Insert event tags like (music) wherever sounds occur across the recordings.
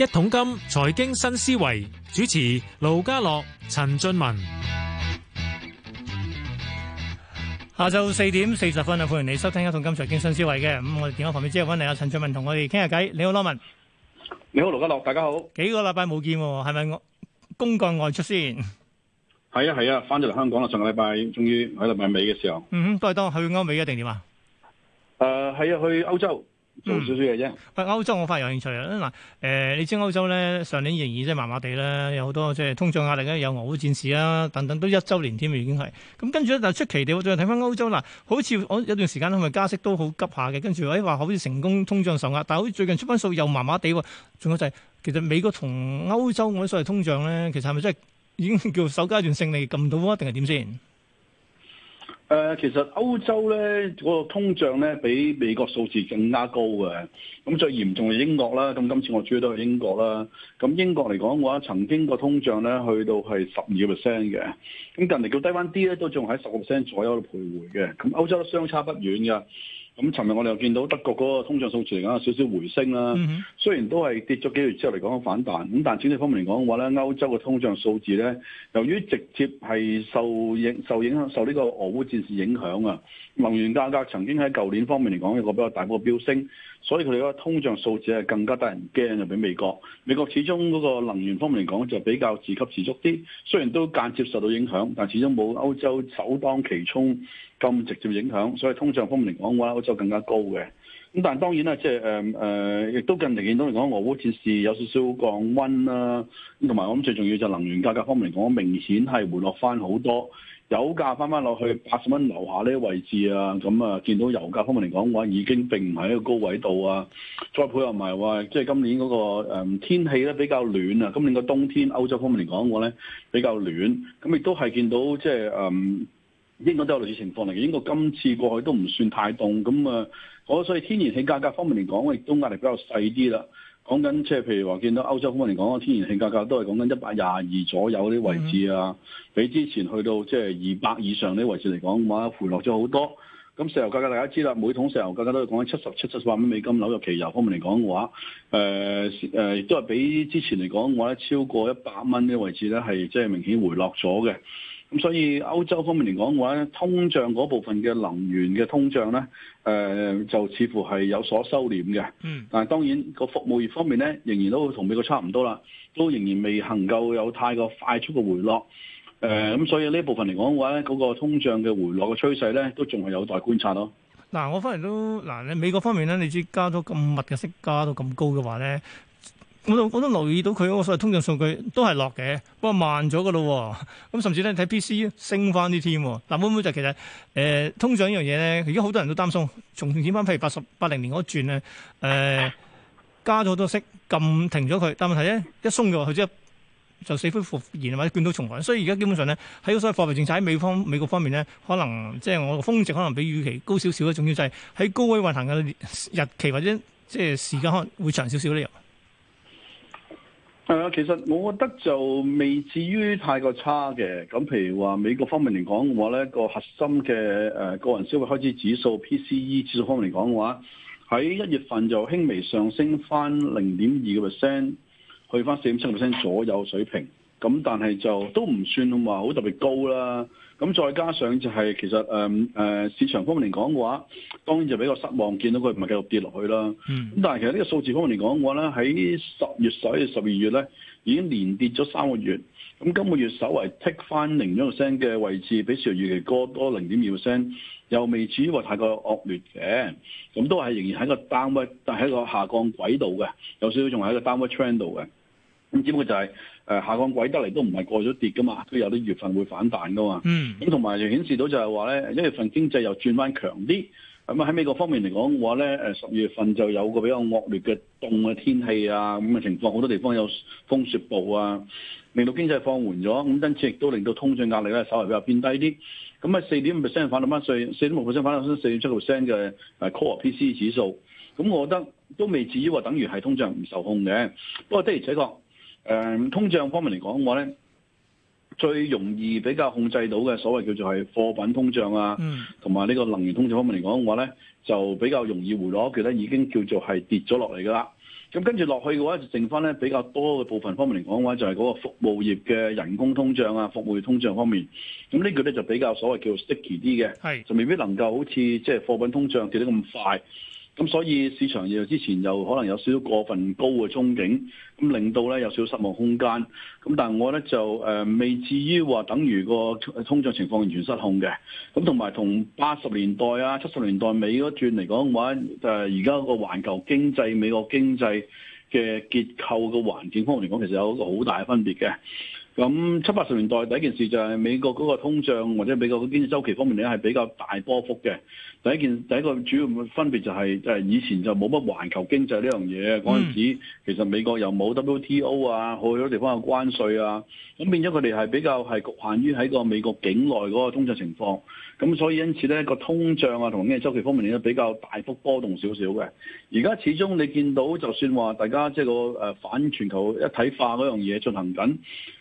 一桶金財經新思維主持盧家樂、陳俊文，下晝四點四十分啊，歡迎你收聽《一桶金財經新思維》嘅。咁，我哋電話旁邊之後揾嚟阿陳俊文同我哋傾下偈。你好，羅文，你好，盧家樂，大家好，幾個禮拜冇見，係咪我公幹外出先？係啊係啊，翻咗嚟香港啦，上個禮拜終於喺禮拜尾嘅時候。嗯哼，都係當去歐美一定點啊？誒，係啊，去歐洲。少少嘢啫。喂，mm. 歐洲我反而有興趣啊！嗱，誒，你知歐洲咧，上年仍然即係麻麻地咧，有好多即係通脹壓力咧，有俄烏戰事啊，等等都一週年添已經係。咁、嗯、跟住咧，但出奇地，我最近睇翻歐洲嗱，好似我有段時間係咪加息都好急下嘅，跟住誒話好似成功通脹受壓，但好似最近出翻數又麻麻地喎。仲有就係、是、其實美國同歐洲嗰啲所謂通脹咧，其實係咪真係已經叫首階段勝利撳到啊？定係點先？誒、呃，其實歐洲咧，嗰、那個通脹咧，比美國數字更加高嘅。咁最嚴重嘅英國啦，咁今次我主要都係英國啦。咁英國嚟講嘅話，曾經個通脹咧，去到係十二個 percent 嘅。咁近嚟叫低翻啲咧，都仲喺十個 percent 左右徘徊嘅。咁歐洲都相差不遠嘅。咁尋日我哋又見到德國嗰個通脹數字嚟講有少少回升啦，雖然都係跌咗幾月之後嚟講反彈，咁但係整體方面嚟講嘅話咧，歐洲嘅通脹數字咧，由於直接係受影受影響受呢個俄烏戰事影響啊，能源價格曾經喺舊年方面嚟講一個比較大幅嘅飆升。所以佢哋嗰個通脹數字係更加得人驚啊！比美國，美國始終嗰個能源方面嚟講就比較自給自足啲，雖然都間接受到影響，但始終冇歐洲首當其衝咁直接影響。所以通脹方面嚟講，我覺得歐洲更加高嘅。咁但係當然啦，即係誒誒，亦都近期見到嚟講，俄烏戰事有少少降溫啦、啊，咁同埋我諗最重要就能源價格方面嚟講，明顯係回落翻好多，油價翻翻落去八十蚊樓下呢個位置啊，咁啊見到油價方面嚟講嘅話，已經並唔係喺個高位度啊。再配合埋話，即係今年嗰、嗰個、嗯、天氣咧比較暖啊，今年個冬天歐洲方面嚟講嘅話咧比較暖，咁亦都係見到即係誒、嗯、應該都有類似情況嚟嘅。應該今次過去都唔算太凍，咁啊。嗯我所以天然氣價格方面嚟講，亦都壓力比較細啲啦。講緊即係譬如話，見到歐洲方面嚟講，天然氣價格都係講緊一百廿二左右啲位置啊，嗯、比之前去到即係二百以上啲位置嚟講嘅話，回落咗好多。咁石油價格大家知啦，每桶石油價格都係講緊七十七七十八蚊美，美金。紐約期油方面嚟講嘅話，誒誒亦都係比之前嚟講嘅話，超過一百蚊嘅位置咧，係即係明顯回落咗嘅。咁所以歐洲方面嚟講嘅話咧，通脹嗰部分嘅能源嘅通脹咧，誒、呃，就似乎係有所收斂嘅。嗯。但係當然個服務業方面咧，仍然都同美國差唔多啦，都仍然未能夠有太過快速嘅回落。誒，咁，所以呢部分嚟講嘅話咧，嗰個通脹嘅回落嘅趨勢咧，都仲係有待觀察咯。嗱，我翻嚟都嗱，你美國方面咧，你知加咗咁密嘅息，加到咁高嘅話咧。我都我都留意到佢，我所謂通脹數據都係落嘅，不過慢咗噶咯。咁、啊、甚至咧睇 P C 升翻啲添嗱，會唔會就其實誒、呃、通脹呢樣嘢咧？而家好多人都擔心重現翻，譬如八十八零年嗰轉咧誒加咗多息，禁停咗佢，但問題咧一鬆咗佢即係就死灰復燃或者捲土重來。所以而家基本上咧喺所謂貨幣政策喺美方美國方面咧，可能即係我峰值可能比預期高少少。重要就係喺高位運行嘅日期或者即係時間可能會長少少咧。係啊，其實我覺得就未至於太過差嘅。咁譬如話美國方面嚟講嘅話咧，個核心嘅誒個人消費開支指數 p c e 指數）指數方面嚟講嘅話，喺一月份就輕微上升翻零點二個 percent，去翻四點七 percent 左右水平。咁但係就都唔算話好特別高啦。咁再加上就係、是、其實誒誒、呃呃、市場方面嚟講嘅話，當然就比較失望，見到佢唔係繼續跌落去啦。咁、嗯、但係其實呢個數字方面嚟講嘅話咧，喺十月十一月十二月咧已經連跌咗三個月。咁、嗯、今個月稍微剔翻零一個 percent 嘅位置，比上月期高多零點二個 percent 又未至於話太過惡劣嘅。咁、嗯、都係仍然喺個 downward 但係喺個下降軌道嘅，有少少仲喺個 downward trend 度嘅。咁只不過就係誒下降軌得嚟都唔係過咗跌噶嘛，都有啲月份會反彈噶嘛。咁同埋就顯示到就係話咧，一月份經濟又轉翻強啲。咁啊喺美國方面嚟講嘅話咧，誒十月份就有個比較惡劣嘅凍嘅天氣啊，咁嘅情況好多地方有風雪暴啊，令到經濟放緩咗。咁因此亦都令到通脹壓力咧稍微比較偏低啲。咁啊四點五 percent 反到翻去，四點五 percent 反到四點七 percent 嘅 Core P C PC 指數。咁我覺得都未至於話等於係通脹唔受控嘅。不過的而且確。誒，通脹方面嚟講嘅話咧，最容易比較控制到嘅所謂叫做係貨品通脹啊，同埋呢個能源通脹方面嚟講嘅話咧，就比較容易回落，覺得已經叫做係跌咗落嚟噶啦。咁跟住落去嘅話，就剩翻咧比較多嘅部分方面嚟講嘅話，就係、是、嗰個服務業嘅人工通脹啊，服務業通脹方面，咁呢個咧就比較所謂叫做 sticky 啲嘅，是就未必能夠好似即係貨品通脹跌得咁快。咁所以市場又之前又可能有少少過分高嘅憧憬，咁令到咧有少少失望空間。咁但係我咧就誒未至於話等於個通脹情況完全失控嘅。咁同埋同八十年代啊、七十年代尾嗰轉嚟講嘅話，誒，而家個環球經濟、美國經濟嘅結構嘅環境方面嚟講其實有一個好大嘅分別嘅。咁七八十年代第一件事就係美國嗰個通脹或者美國嘅經濟周期方面咧係比較大波幅嘅。第一件第一個主要分別就係誒以前就冇乜環球經濟呢樣嘢嗰陣時，嗯、其實美國又冇 WTO 啊，好多地方嘅關稅啊，咁變咗佢哋係比較係局限於喺個美國境內嗰個通脹情況。咁所以因此咧、個通脹啊同經濟周期方面咧比較大幅波動少少嘅。而家始終你見到就算話大家即係、就係、個誒反全球一體化嗰樣嘢進行緊。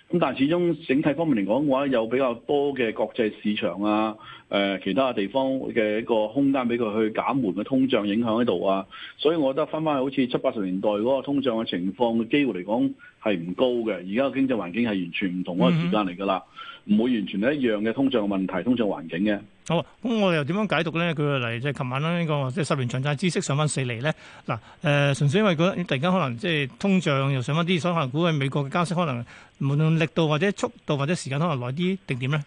咁但係始終整體方面嚟講嘅話，有比較多嘅國際市場啊，誒、呃、其他地方嘅一個空間俾佢去減緩嘅通脹影響喺度啊，所以我覺得翻翻去好似七八十年代嗰個通脹嘅情況嘅機會嚟講係唔高嘅，而家嘅經濟環境係完全唔同嗰個時間嚟㗎啦，唔會完全係一樣嘅通脹嘅問題，通脹環境嘅。好，咁我哋又點樣解讀咧？佢嚟即係琴晚咧呢個即係十年長債孳息上翻四厘咧。嗱，誒，純粹因為覺得突然間可能即係通脹又上翻啲，所以可能估計美國嘅加息可能無論力度或者速度或者時間可能耐啲定點咧。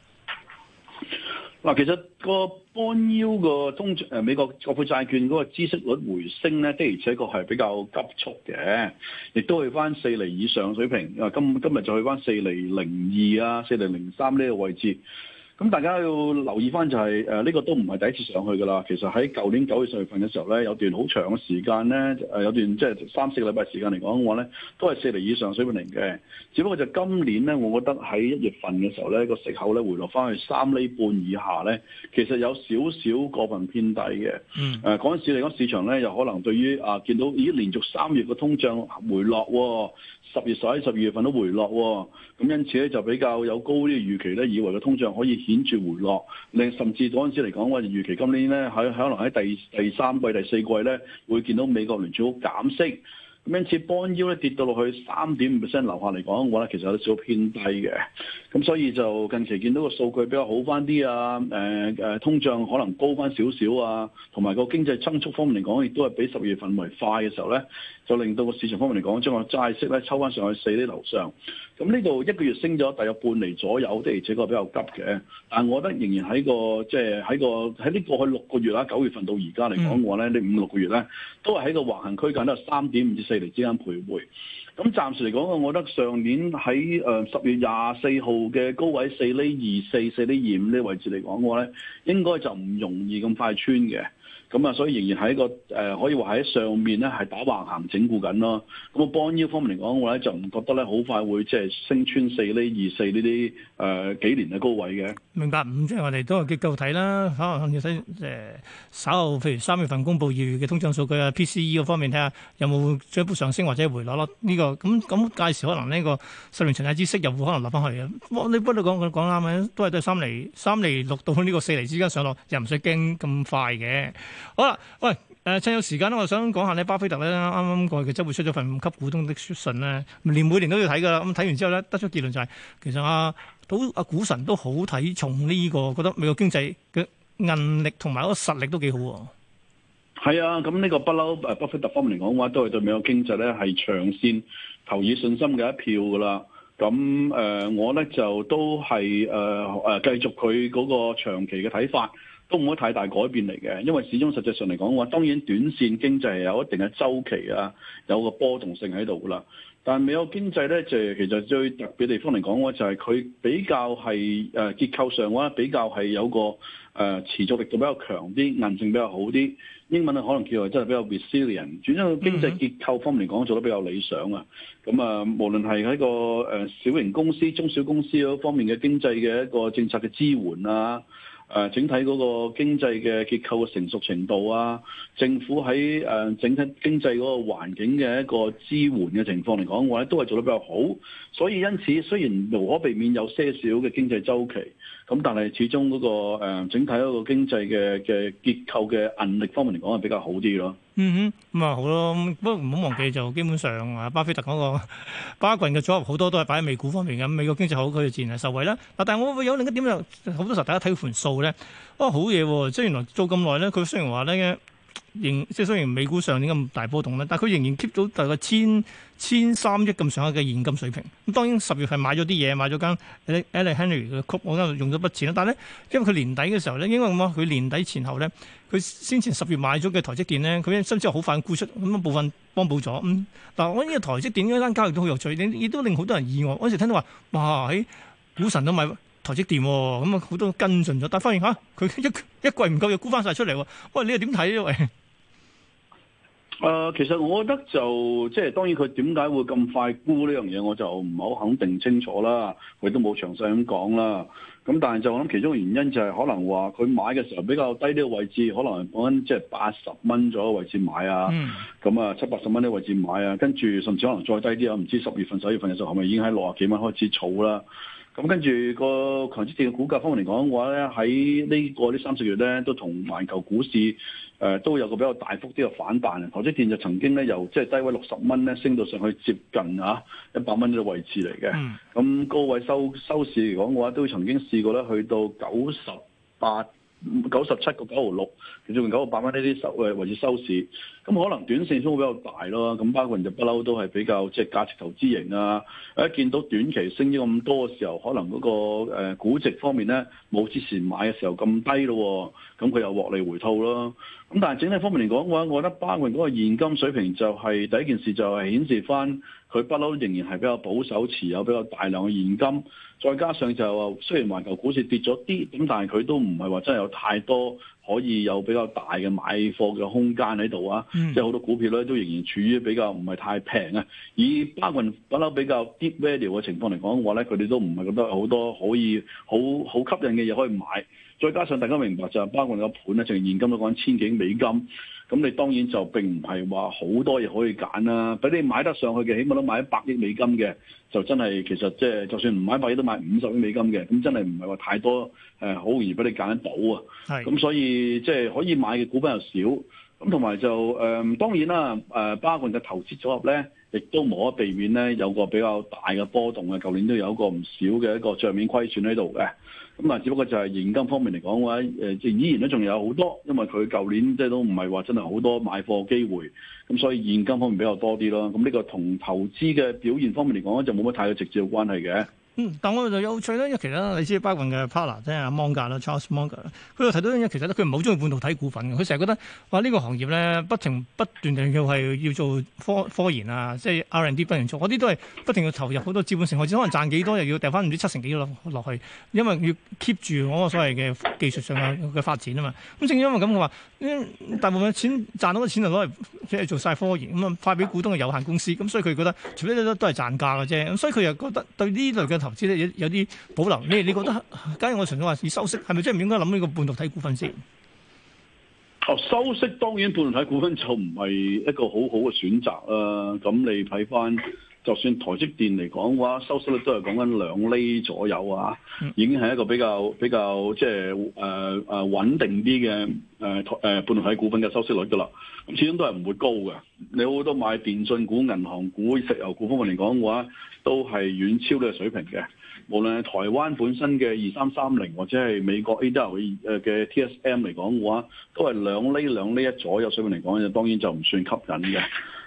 嗱，其實個半腰個通誒美國國庫債券嗰個孳息率回升咧，的而且確係比較急速嘅，亦都去翻四厘以上水平。啊，今今日就去翻四厘零二啊，四厘零三呢個位置。咁大家要留意翻就係誒呢個都唔係第一次上去㗎啦。其實喺舊年九月、十月份嘅時候咧，有段好長嘅時間咧，誒、呃、有段即係三四個禮拜時間嚟講嘅話咧，都係四厘以上水平嚟嘅。只不過就今年咧，我覺得喺一月份嘅時候咧，個息口咧回落翻去三厘半以下咧，其實有少少過分偏低嘅。誒嗰陣時嚟講，市場咧又可能對於啊見到已經連續三月嘅通脹回落、哦，十月十一、十二月份都回落、哦，咁因此咧就比較有高啲預期咧，以為嘅通脹可以。顯著回落，另甚至公司嚟講，我哋預期今年咧喺可能喺第第三季、第四季咧，會見到美國聯儲局減息。 (music) 咁因此，半腰咧跌到落去三點五 percent 樓下嚟講，我覺得其實有少少偏低嘅。咁所以就近期見到個數據比較好翻啲啊，誒誒，通脹可能高翻少少啊，同埋個經濟增速方面嚟講，亦都係比十月份為快嘅時候咧，就令到個市場方面嚟講，將個債息咧抽翻上去四厘樓上。咁呢度一個月升咗大約半厘左右，的而且確比較急嘅。但係我覺得仍然喺個即係喺個喺呢過去六個月啦，九月份到而家嚟講嘅話咧，呢五六個月咧都係喺個橫行區間，都係三點五至嚟嚟之間徘徊，咁、嗯、暫時嚟講我覺得上年喺誒十月廿四號嘅高位四厘二四四厘二五呢位置嚟講嘅話咧，應該就唔容易咁快穿嘅。咁啊、嗯，所以仍然喺一個、呃、可以話喺上面咧，係打橫行整固緊咯。咁、嗯、啊，幫呢方面嚟講，我咧就唔覺得咧，好快會即係升穿四呢二四呢啲誒幾年嘅高位嘅。明白，五、嗯、即係我哋都係結構睇啦。可能要睇誒、呃、稍後，譬如三月份公佈二月嘅通脹數據啊，PCE 嗰方面睇下有冇進一步上升或者回落咯。呢、這個咁咁屆時可能呢、這個十年長期之息又會可能落翻去啊。你不如講講啱嘅，都係對三厘、三厘六到呢個四厘之間上落，又唔使驚咁快嘅。好啦，喂，誒、呃，趁有時間咧，我想講下呢巴菲特咧啱啱過去，佢真會出咗份五給股東的書信咧，連每年都要睇噶啦。咁睇完之後咧，得出結論就係、是、其實阿、啊、都阿、啊、股神都好睇重呢、這個，覺得美國經濟嘅韌力同埋嗰個實力都幾好。係啊，咁呢個不嬲誒，巴菲特方面嚟講嘅話，都係對美國經濟咧係長線投以信心嘅一票噶啦。咁誒、呃，我咧就都係誒誒繼續佢嗰個長期嘅睇法，都唔會太大改變嚟嘅，因為始終實際上嚟講嘅話，當然短線經濟係有一定嘅周期啊，有個波動性喺度啦。但係美國經濟咧，就其實最特別地方嚟講嘅話，就係、是、佢比較係誒、呃、結構上嘅話，比較係有個誒、呃、持續力度比較強啲，韌性比較好啲。英文可能叫為真係比較 resilient，主要經濟結構方面嚟講做得比較理想啊。咁啊，無論係喺個誒小型公司、中小公司嗰方面嘅經濟嘅一個政策嘅支援啊。誒，整體嗰個經濟嘅結構嘅成熟程度啊，政府喺誒整體經濟嗰個環境嘅一個支援嘅情況嚟講，我咧都係做得比較好，所以因此雖然無可避免有些少嘅經濟周期。咁但係始終嗰個誒整體一個經濟嘅嘅結構嘅韌力方面嚟講係比較好啲咯。嗯哼，咁啊好咯。不過唔好忘記就基本上啊，巴菲特嗰個巴郡嘅組合好多都係擺喺美股方面嘅。美國經濟好，佢自然係受惠啦。嗱，但係我會有另一點就好多時候大家睇盤數咧，啊好嘢喎！即係原來做咁耐咧，佢雖然話咧。仍即係雖然美股上年咁大波動咧，但係佢仍然 keep 到大概千千三億咁上下嘅現金水平。咁當然十月係買咗啲嘢，買咗間 Ellie Henry 嘅曲，我喺度用咗筆錢啦。但係咧，因為佢年底嘅時候咧，因為咁啊，佢年底前後咧，佢先前十月買咗嘅台積電咧，佢甚至好快沽出，咁部分幫補咗。咁、嗯、我呢個台積電嗰單交易都好有趣，亦都令好多人意外。嗰時聽到話，哇喺股、哎、神都買。台積電咁啊，好多跟進咗，但係發現嚇佢一一季唔夠又沽翻晒出嚟喎，喂，你又點睇咧？喂，誒，其實我覺得就即係當然佢點解會咁快沽呢樣嘢，我就唔係好肯定清楚啦，佢都冇詳細咁講啦。咁但係就諗其中原因就係、是、可能話佢買嘅時候比較低啲嘅位置，可能按即係八十蚊左右嘅位置買啊，咁啊七八十蚊啲位置買啊，跟住甚至可能再低啲啊，唔知十月份、十一月份嘅時候係咪已經喺六十幾蚊開始儲啦？咁跟住個強積電嘅股價方面嚟講嘅話咧，喺呢個呢三四月咧，都同環球股市誒、呃、都有個比較大幅啲嘅反彈。強積電就曾經咧由即係低位六十蚊咧，升到上去接近啊一百蚊呢個位置嚟嘅。咁高、嗯嗯、位收收市嚟講嘅話，都曾經試過咧去到九十八。九十七個九毫六，佢仲有九個八蚊呢啲收誒，維持收市。咁可能短線都會比較大咯。咁巴郡就不嬲都係比較即係、就是、價值投資型啊。一見到短期升咗咁多嘅時候，可能嗰、那個、呃、估值方面咧，冇之前買嘅時候咁低咯。咁佢又獲利回吐咯。咁但係整體方面嚟講嘅話，我覺得巴郡嗰個現金水平就係、是、第一件事就係顯示翻，佢不嬲仍然係比較保守持有比較大量嘅現金，再加上就話，雖然環球股市跌咗啲，咁但係佢都唔係話真係有太多。可以有比較大嘅買貨嘅空間喺度啊！嗯、即係好多股票咧都仍然處於比較唔係太平啊。以巴郡不嬲比較 deep value 嘅情況嚟講嘅話咧，佢哋都唔係咁多好多可以好好吸引嘅嘢可以買。再加上大家明白就係巴郡個盤咧，淨現金都講緊千幾美金，咁你當然就並唔係話好多嘢可以揀啦。俾你買得上去嘅，起碼都買一百億美金嘅，就真係其實即、就、係、是、就算唔買一百億都買五十億美金嘅，咁真係唔係話太多誒、呃、好容易俾你揀得到啊！咁所以。即係可以買嘅股份又少，咁同埋就誒、呃、當然啦，誒、呃、包括嘅投資組合咧，亦都冇可避免咧，有個比較大嘅波動嘅。舊年都有一個唔少嘅一個帳面虧損喺度嘅，咁啊，只不過就係現金方面嚟講嘅話，誒即係依然都仲有好多，因為佢舊年即係都唔係話真係好多買貨機會，咁所以現金方面比較多啲咯。咁呢個同投資嘅表現方面嚟講咧，就冇乜太嘅直接嘅關係嘅。嗯、但我就有趣啦。因為其實你知，巴郡嘅 partner 即係芒格啦，Charles m 芒格，佢又提到一樣，其實佢唔好中意半導體股份，佢成日覺得話呢、呢個行業咧，不停不斷定要係要做科科研啊，即係 R&D 不斷做，嗰啲都係不停要投入好多資本性開支，或者可能賺幾多又要掉翻唔知七成幾落去，因為要 keep 住嗰個所謂嘅技術上嘅嘅發展啊嘛。咁正因為咁，佢話、嗯、大部分嘅錢賺到嘅錢就攞嚟即係做晒科研，咁啊派俾股東嘅有限公司，咁所以佢覺得除非都都係賺價嘅啫，咁所以佢又覺得對呢類嘅。投資咧有有啲保留，你你覺得？假如我純粹話要收息，係咪真係唔應該諗呢個半導體股份先？哦，收息當然半導體股份就唔係一個好好嘅選擇啦，啊。咁你睇翻。就算台積電嚟講嘅話，收息率都係講緊兩厘左右啊，已經係一個比較比較即係誒誒穩定啲嘅誒誒半導體股份嘅收息率噶啦。咁始終都係唔會高嘅。你好多買電信股、銀行股、石油股方面嚟講嘅話，都係遠超呢個水平嘅。無論係台灣本身嘅二三三零，或者係美國 A W 誒嘅 T S M 嚟講嘅話，都係兩厘、兩厘一左右水平嚟講，就當然就唔算吸引嘅。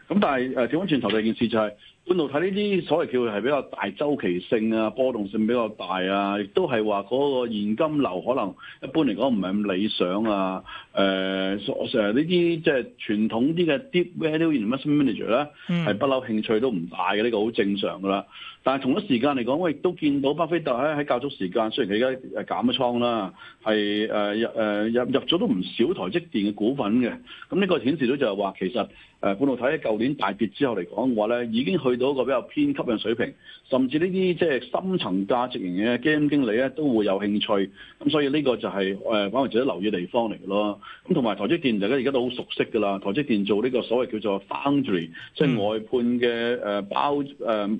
咁 (laughs) 但係誒調溫轉頭第二件事就係，是，半到睇呢啲所謂叫係比較大周期性啊、波動性比較大啊，亦都係話嗰個現金流可能一般嚟講唔係咁理想啊。誒、呃，索成呢啲即係傳統啲嘅 Deep Value Investment Manager 咧，係不嬲興趣都唔大嘅，呢，這個好正常㗎啦。但係同一時間嚟講，我亦都見到巴菲特喺喺較早時間，雖然佢而家誒減咗倉啦，係誒、呃、入誒入入咗都唔少台積電嘅股份嘅，咁呢個顯示到就係話其實。誒，半導體喺，舊年大跌之後嚟講嘅話咧，已經去到一個比較偏吸嘅水平，甚至呢啲即係深層價值型嘅基金經理咧，都會有興趣。咁所以呢個就係誒，我哋自己留意地方嚟咯。咁同埋台積電，大家而家都好熟悉噶啦。台積電做呢個所謂叫做 foundry，即係、嗯、外判嘅誒、呃、包誒誒誒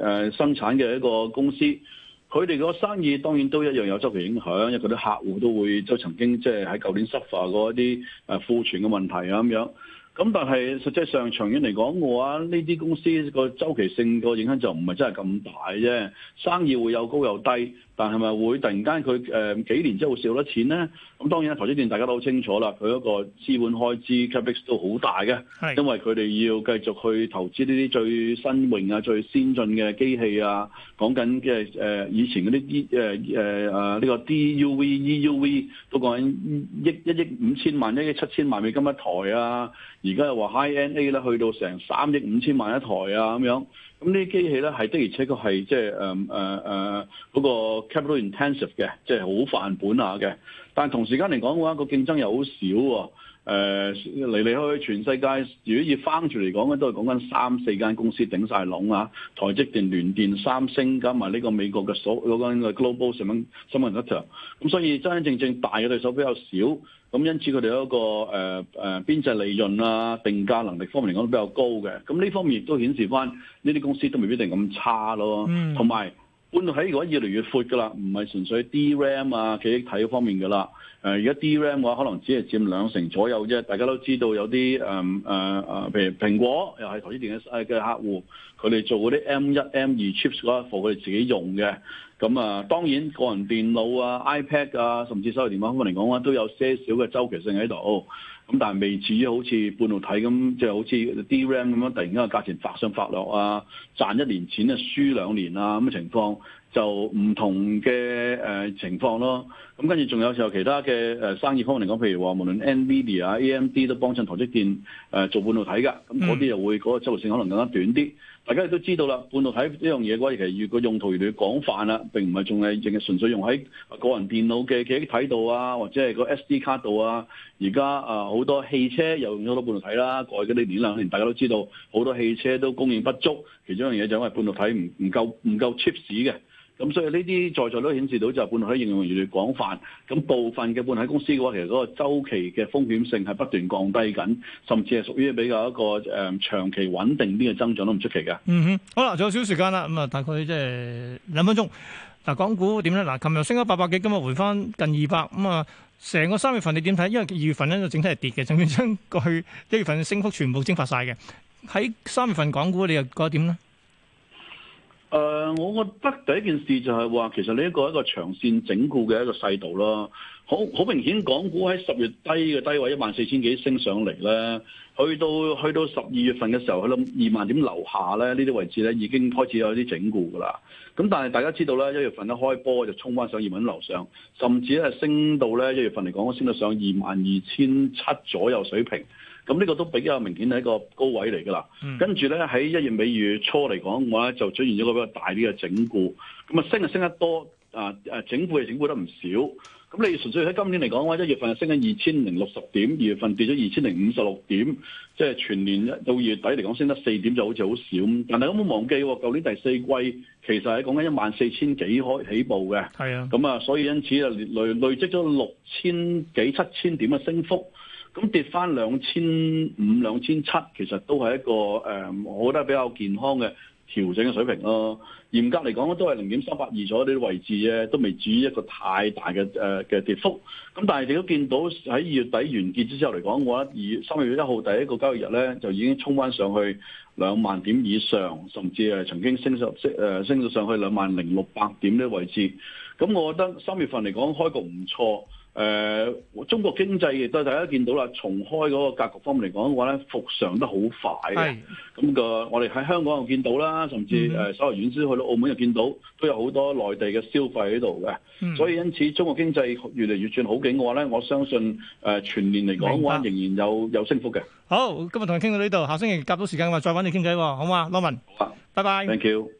誒生產嘅一個公司，佢哋嘅生意當然都一樣有周期影響，因為啲客戶都會即曾經即係喺舊年 suffer 過一啲誒庫存嘅問題啊咁樣。咁但係，實際上長遠嚟講嘅話，呢啲、啊、公司個周期性個影響就唔係真係咁大啫，生意會有高有低。但係咪會突然間佢誒、呃、幾年之後會少咗錢咧？咁、嗯、當然啦，台積電大家都好清楚啦，佢一個資本開支 capex 都好大嘅，的因為佢哋要繼續去投資呢啲最新穎啊、最先進嘅機器啊。講緊嘅誒，以前嗰啲啲誒誒呢個 DUV EU、EUV 都講緊一億一億五千萬、一億七千萬美金一台啊。而家又話 High NA 啦，去到成三億五千萬一台啊咁樣。咁、嗯、呢啲機器咧，係的而且確係，即係誒誒誒嗰個 capital intensive 嘅，即係好犯本下嘅。但係同時間嚟講嘅話，個競爭又好少喎、哦。誒嚟嚟去去，呃、全世界如果以翻轉嚟講咧，都係講緊三四間公司頂晒籠啊，台積電、聯電、三星，加埋呢個美國嘅所嗰間嘅 Global Semiconductor，咁所以真真正正大嘅對手比較少，咁、嗯、因此佢哋有一個誒誒、呃呃、邊際利潤啊、定價能力方面嚟講都比較高嘅，咁、嗯、呢、嗯、方面亦都顯示翻呢啲公司都未必定咁差咯，同埋，半導體嘅話越嚟越闊噶啦，唔係純粹 DRAM 啊、記憶體嗰方面噶啦。誒、呃、而家 DRAM 嘅話，可能只係佔兩成左右啫。大家都知道有啲誒誒誒，譬如蘋果又係台積電嘅誒嘅客戶，佢哋做嗰啲 M 一 M 二 chips 嗰一貨，佢哋自己用嘅。咁、嗯、啊、呃，當然個人電腦啊、iPad 啊，甚至手提電話方面嚟講咧，都有些少嘅周期性喺度。咁但係未至於好似半導體咁，即係好似 DRAM 咁樣，突然間價錢發上發落啊，賺一年錢啊，輸兩年啊咁嘅情況，就唔同嘅誒情況咯。咁跟住仲有時候其他嘅誒生意方面嚟講，譬如話無論 NVIDIA AMD 都幫襯台積電誒做半導體嘅，咁嗰啲就會嗰個週期性可能更加短啲。大家亦都知道啦，半導體呢樣嘢嘅話，其實如果用途越嚟越廣泛啦，並唔係仲係淨係純粹用喺個人電腦嘅記憶體度啊，或者係個 SD 卡度啊。而家啊，好多汽車又用咗好多半導體啦。過去嗰啲年啦，大家都知道，好多汽車都供應不足。其中一樣嘢就係因為半導體唔唔夠唔夠 chip 嘅。咁所以呢啲在座都顯示到就半導體應用越嚟越廣泛，咁部分嘅半導體公司嘅話，其實嗰個週期嘅風險性係不斷降低緊，甚至係屬於比較一個誒、嗯、長期穩定啲嘅增長都唔出奇嘅。嗯哼，好啦，仲有少少時間啦，咁啊，大概即係兩分鐘。嗱、啊，港股點咧？嗱，琴日升咗八百幾，今日回翻近二百，嗯，咁啊，成個三月份你點睇？因為二月份咧就整體係跌嘅，整體將過去一月份嘅升幅全部蒸發晒嘅。喺三月份港股你又覺得點呢？我覺得第一件事就係話，其實呢一個一個長線整固嘅一個勢度啦，好好明顯。港股喺十月底嘅低位一萬四千幾升上嚟咧，去到去到十二月份嘅時候，佢諗二萬點樓下咧，呢啲位置咧已經開始有啲整固噶啦。咁但係大家知道咧，一月份一開波就衝翻上二萬樓上，甚至咧升到咧一月份嚟講，升到上二萬二千七左右水平。咁呢個都比較明顯係一個高位嚟㗎啦。嗯、跟住咧喺一月尾二月初嚟講嘅話咧，就出現咗個比較大啲嘅整固。咁啊，升係升得多，啊啊整固係整固得唔少。咁你純粹喺今年嚟講嘅話，一月份就升緊二千零六十點，二月份跌咗二千零五十六點，即、就、係、是、全年到二月底嚟講升得四點就好似好少。但係我冇忘記喎、哦，舊年第四季其實係講緊一萬四千幾開起步嘅。係啊，咁啊，所以因此啊累累積咗六千幾七千點嘅升幅。咁跌翻兩千五、兩千七，其實都係一個誒、呃，我覺得比較健康嘅調整嘅水平咯。嚴格嚟講，都係零點三八二左右啲位置啫，都未至於一個太大嘅誒嘅跌幅。咁但係你都見到喺二月底完結之後嚟講嘅話，二三月一號第一個交易日咧，就已經衝翻上去兩萬點以上，甚至係曾經升十、呃、升誒升咗上去兩萬零六百點呢啲位置。咁我覺得三月份嚟講開局唔錯。誒、呃，中國經濟亦都大家見到啦，重開嗰個格局方面嚟講嘅話咧，復常得好快嘅。咁是、那個我哋喺香港又見到啦，甚至誒稍為遠啲去到澳門又見到，都有好多內地嘅消費喺度嘅。嗯、所以因此，中國經濟越嚟越轉好景嘅話咧，我相信誒、呃、全年嚟講嘅話白仍然有有升幅嘅。好，今日同你傾到呢度，下星期夾到時間嘅話，再揾你傾偈，好嘛，羅嗎文。拜拜。Thank you。